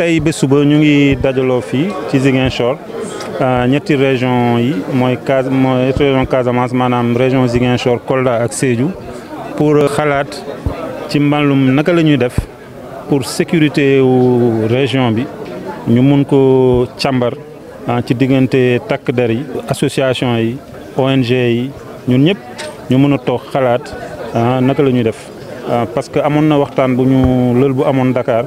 tey ba suba ñu ngi dajaloo fii ci Ziguinchor euh, ñetti région yi mooy cas mooy région Casamance maanaam région Ziguinchor kolla ak Sédhiou pour xalaat ci mbàllum naka la ñuy def pour sécurité wu région bi ñu mun ko càmbar euh, ci diggante takk der yi association yi ONG yi ñun ñëpp ñu mun a toog xalaat euh, naka la ñuy def parce que amoon na waxtaan bu ñu lël bu amoon dakaar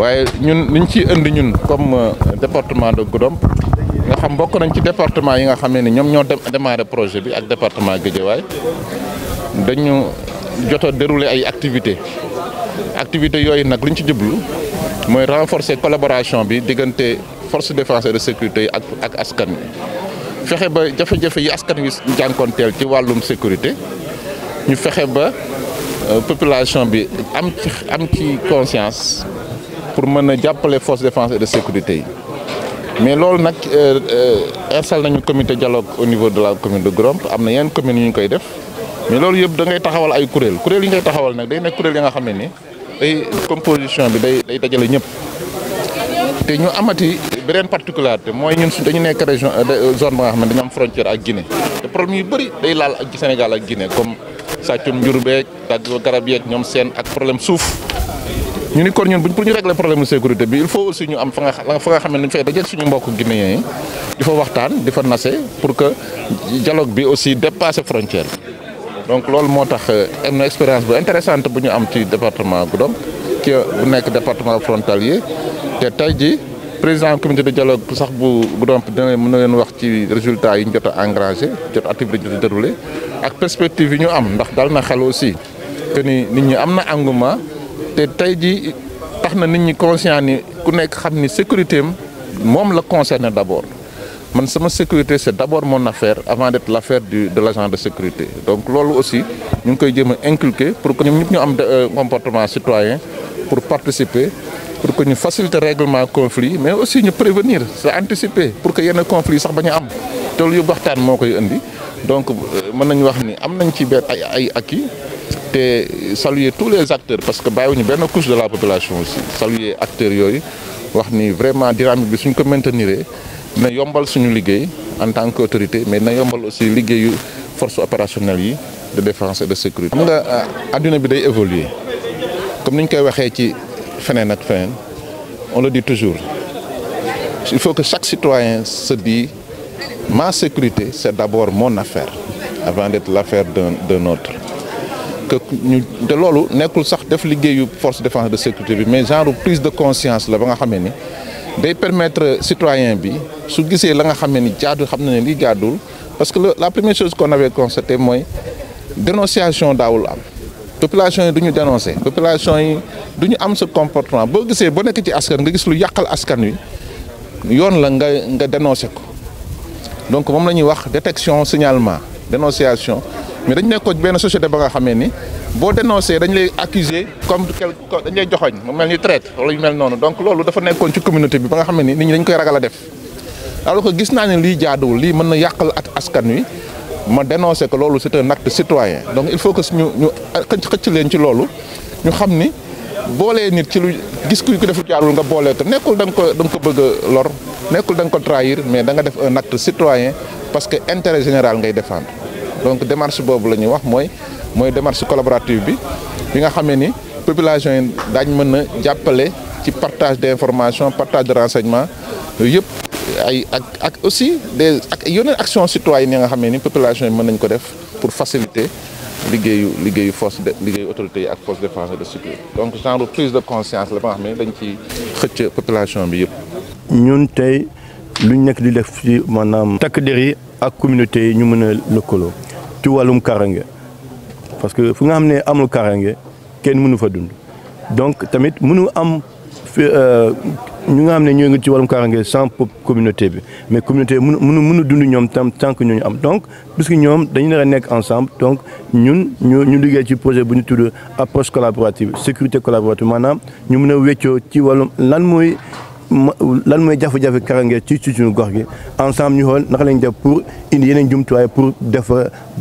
waaye ñun liñ ciy indi ñun comme euh, département de Goudomp nga xam bokk nañ ci département yi nga xam ne ni ñoom ñoo démarré projet bi ak département Guédiawaye dañu jot a ay activités activités yooyu nag liñ ci jublu mooy renforcer collaboration bi diggante force de défense de sécurité ak ak askan wi fexe ba jafe-jafe yi askan wi jànkoonteel ci wàllum sécurité ñu fexe ba euh, population bi am ci am ci conscience pour mener les forces de défense et de sécurité mais là, ersal euh, euh, comité dialogue au niveau de la commune de Grom Il na mais yëpp da ngay taxawal ay des composition bi day day dajale ñëpp ñu particularité Il su euh, zone frontière Guinée Le problème yu est day Sénégal ak Guinée comme Saturn problème ñu ni kon ñun buñ pour ñu régler problème sécurité bi il faut aussi ñu am fa nga fa nga xamné ñu fay dajé suñu mbokk guinéen yi difa waxtaan difa nassé pour que dialogue bi aussi dépasser frontière donc lool motax euh, amna expérience bu intéressante bu ñu am ci département Goudomp ci bu nek département frontalier té tay ji président comité de dialogue sax bu Goudomp dina mëna leen wax ci résultats yi jota engranger jot activité jota dérouler ak perspective yi ñu am ndax dal na xel aussi que ni nit ñi amna engouement te tey jii tax na nit ñi conscient ni ku sécurité le concerne la d'abord man sama sécurité c'est d'abord mon affaire avant d'être l'affaire du de l'agent de sécurité donc loolu aussi nous ngi koy inculquer pour que nous ayons ñu am euh, comportement citoyen pour participer pour que ñu faciliter règlement conflit mais aussi nous prévenir c'est anticiper pour que yenn conflit sax bañ am te lu yu waxtaan koy indi donc euh, mën nañu wax ni nous avons ci ay ay acquis saluer tous les acteurs parce que bàyyiwuñu une couche de la population aussi saluer les acteurs nous wax vraiment dynamique bi nous ko maintenir Mais yombal suñu en tant qu'autorité mais nous yombal aussi liggéeyu force opérationnelle de défense et de sécurité. Nous euh, avons évoluer comme nous avons koy on le dit toujours il faut que chaque citoyen se dise ma sécurité c'est d'abord mon affaire avant d'être l'affaire d'un autre que ñu te pas sax def forces force défense de sécurité bi mais genre prise de conscience la ba nga xamé ni day permettre citoyen bi su se la nga xamé ni jaadu xamna ni li parce que la première chose qu'on avait constaté la dénonciation de am population yi duñu dénoncer population yi duñu ce am ce comportement Si vous bo nek ci askan nga gis lu yakal askan wi yoon la nga nga dénoncer ko donc mom lañuy wax détection signalement dénonciation mais dañ nekkoon benn société ba nga xamee ni boo dénoncé dañ lay accuser comme quelque dañ lay joxoñ mu mel ni traite wala yu mel noonu donc loolu dafa nekkoon ci communauté bi ba nga xamee ni nit ñi dañ koy ragal a def alors que gis naa ne lii jaaduwul lii mën na yàqal at askan wi ma dénoncé ko loolu c'est un acte citoyen donc il faut que ñu ñu xëcc xëcc leen ci loolu ñu xam ni boolee nit ci lu gis ku ko def lu nga boolee te nekkul da ko da ko bëgg a lor nekkul da nga ko trahir mais da nga def un acte citoyen parce que intérêt général ngay défendre donc démarche bobu lañu wax moy moy démarche collaborative bi bi nga xamé ni population yi mëna jappalé ci partage d'information partage de renseignements. yépp ay ak ak aussi des ak yone action citoyenne nga xamé ni population yi nañ ko def pour faciliter liggéeyu liggéeyu force de liggéeyu autorité ak force défense et de sécurité donc genre prise de conscience la ba nga dañ ci xëc population bi yépp ñun tay lu nek di def ci maanaam. takk der yi ak communauté ñu mëna a ci wàllum karange parce que fu nga xam amul karange kenn mënu fa dund donc tamit mënu am euh, ñu nga xam ne ngi ci walum karange sans communauté bi mais communauté bi mënu mënu dund ñom tam tant que ñu am donc puisque ñom dañu nar nek ensemble donc ñun ñu ñu liggéey ci projet bu ñu approche collaborative sécurité collaborative manam ñu mën a ci walum lan moy lan moy jafe jafé karangé ci ci suñu gox ensemble ñu hol nak lañ def pour indi yeneen jumtuwaay pour def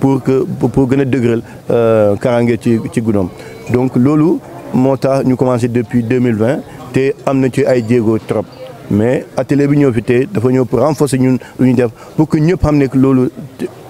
pour que pour gëna a euh karangé ci ci Goudomp donc lolu mota ñu commencé depuis 2020 té amna ci ay jéego trop mais atelier bi ñëw fi té dafa ñeu pour renforcer ñun lu ñu def pour que ñëpp xam que lolu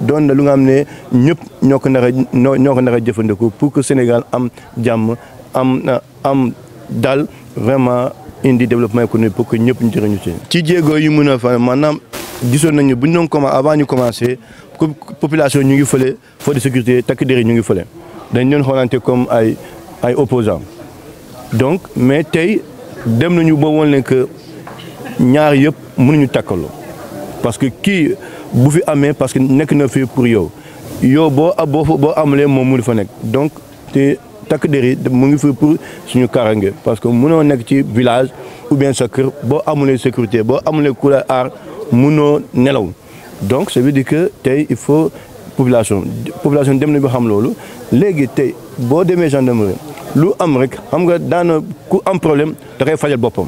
doon na lu nga xam ne ñëpp ñoo ko nar a ñoo ko pour que Sénégal am jàmm am am dal vraiment indi développement économique pour que ñëpp ñu jëriñu ci. ci yu mëna fa manam gisoon nañu bu avant ñu commencé population ñu ngi feulé force de sécurité ñu ngi dañ comme ay opposants donc mais tay dem nañu ba sécurité. que ñaar yëpp parce que qui bu fi parce que nek na pour bo, donc takk der yi mu ngi fi pour suñu karange parce que mënoo nekk ci village ou bien sa kër boo amulee sécurité boo amulee ku la aar mënoo nelaw donc ça veut dire que tey il faut population population dem na ba xam loolu léegi tey boo demee gendarmerie lu am rek xam nga daana ku am problème da koy fajal boppam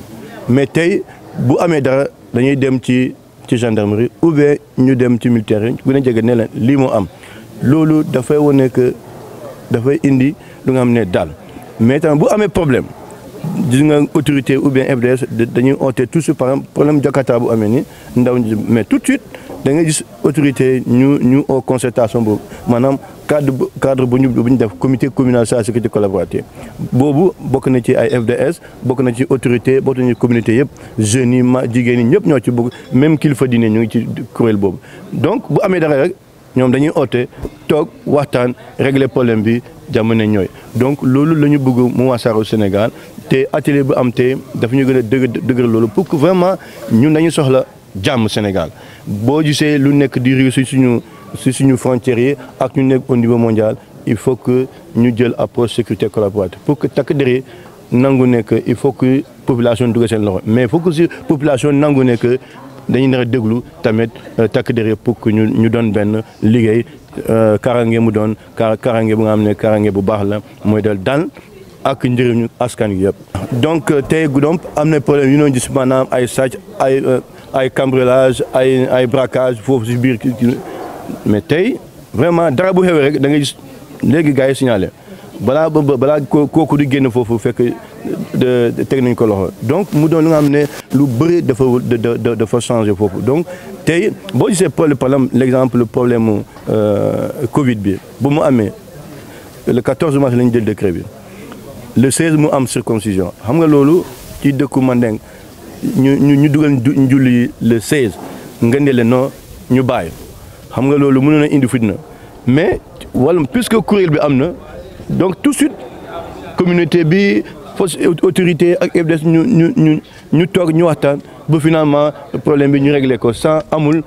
mais tey bu amee dara dañuy dem ci ci gendarmerie ou bien ñu dem ci militaire yi bu ne jege ne leen lii moo am loolu dafay wane que dafay indi lu nga dal mais tamit bu mes problème gis autorité ou bien FDS dañuy oote tout ce par un problème Jakarta bu amené ni ndaw mais tout de suite da autorité ñu ñu en concertation boobu cadre cadre bu ñu comité communal def comité communal de collaborer bobo boobu bokk na ci ay FDS bokk na ci autorité beaucoup na communauté yep jeunes yi ma jigéen yi ñëpp ñoo même qu'il même kilifa nous ñu courir ci bob donc bu amee dara ñoom dañuy oote toog waxtaan régler problème bi jamono ñooy donc loolu la ñu bëgg mu wasaaroo Sénégal te atelier bu am te dafa ñu gën a dëgër loolu pour que vraiment ñun dañu soxla jàmm Sénégal boo gisee lu nekk di réussir suñu si suñu frontières yi ak ñu nekk au niveau mondial il faut que ñu jël approche sécurité collaborative pour que takk der nangu nekk il faut que population dugg seen loxo mais il faut que population nangu nekk dañuy nar a déglu tamit euh, takk der yëpp pour ñu ñu doon benn liggéey euh, karange mu doon karange bu nga xam ne karange bu baax la mooy dal dal ak njëriñu askan wi yëpp. donc euh, tey Goudomp am na problème yu ñu gis maanaam ay sàcc ay ay cambriolage ay ay braquage foofu si biir mais tey vraiment dara bu xewee rek da ngay gis léegi gars yi signalé balaa kooku di génn foofu fekk. de technique ko loxo donc mu doon lu nga de de de de, de dafa changer donc bon boo gisee pas problème le problème euh, Covid bi bu mu le 14 mars la ñu décret bi le 16 nous am circoncision xam nga loolu ci dëkku Mandeng ñu ñu dugal njulli le 16 nga ne le non ñu bàyyi xam nga loolu mënoon a indi fitna mais voilà puisque covid bi am donc tout de suite communauté bi. fausse autorité ak EBDES ñu ñu ñu ñu toog ñu waxtaan ba finalement problème bi ñu réglé ko sans amul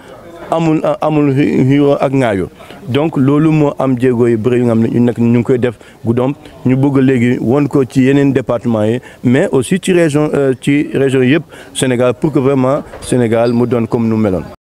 amul amul xiiroo ak ŋaayoo donc loolu moo am jéego yu bëri yu nga xam ne ñu nekk ñu ngi koy def Goudomp ñu bëgg léegi won ko ci yeneen département yi mais aussi ci région euh, ci région yëpp Sénégal pour que vraiment Sénégal mu doon comme nu meloon